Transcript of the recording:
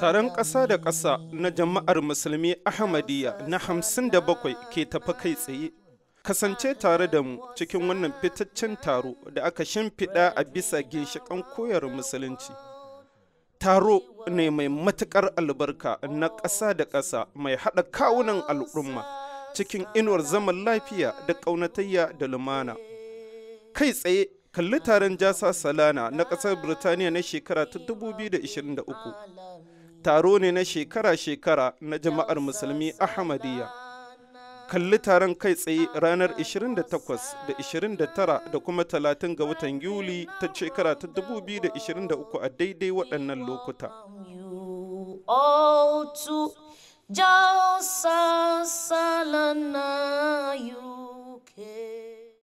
Taron ƙasa da ƙasa na jama'ar musulmi Ahmadiyya na hamsin da bakwai ke tafi kai tsaye. Kasance tare da mu cikin wannan fitaccen taro da aka shimfiɗa a bisa ginshiƙan koyar musulunci. Taro ne mai matuƙar albarka na ƙasa da ƙasa mai haɗa kawunan al'umma cikin inuwar zaman lafiya da ƙaunatayya da lumana. Kai tsaye kalli taron jasa salana na ƙasar birtaniya na shekara ta 2023 taro ne na shekara-shekara na jama'ar musulmi ahmadiyya kalli taron kai tsaye ranar 28 da 29 da kuma 30 ga watan yuli ta shekara ta 2023 a daidai waɗannan lokuta Just salana.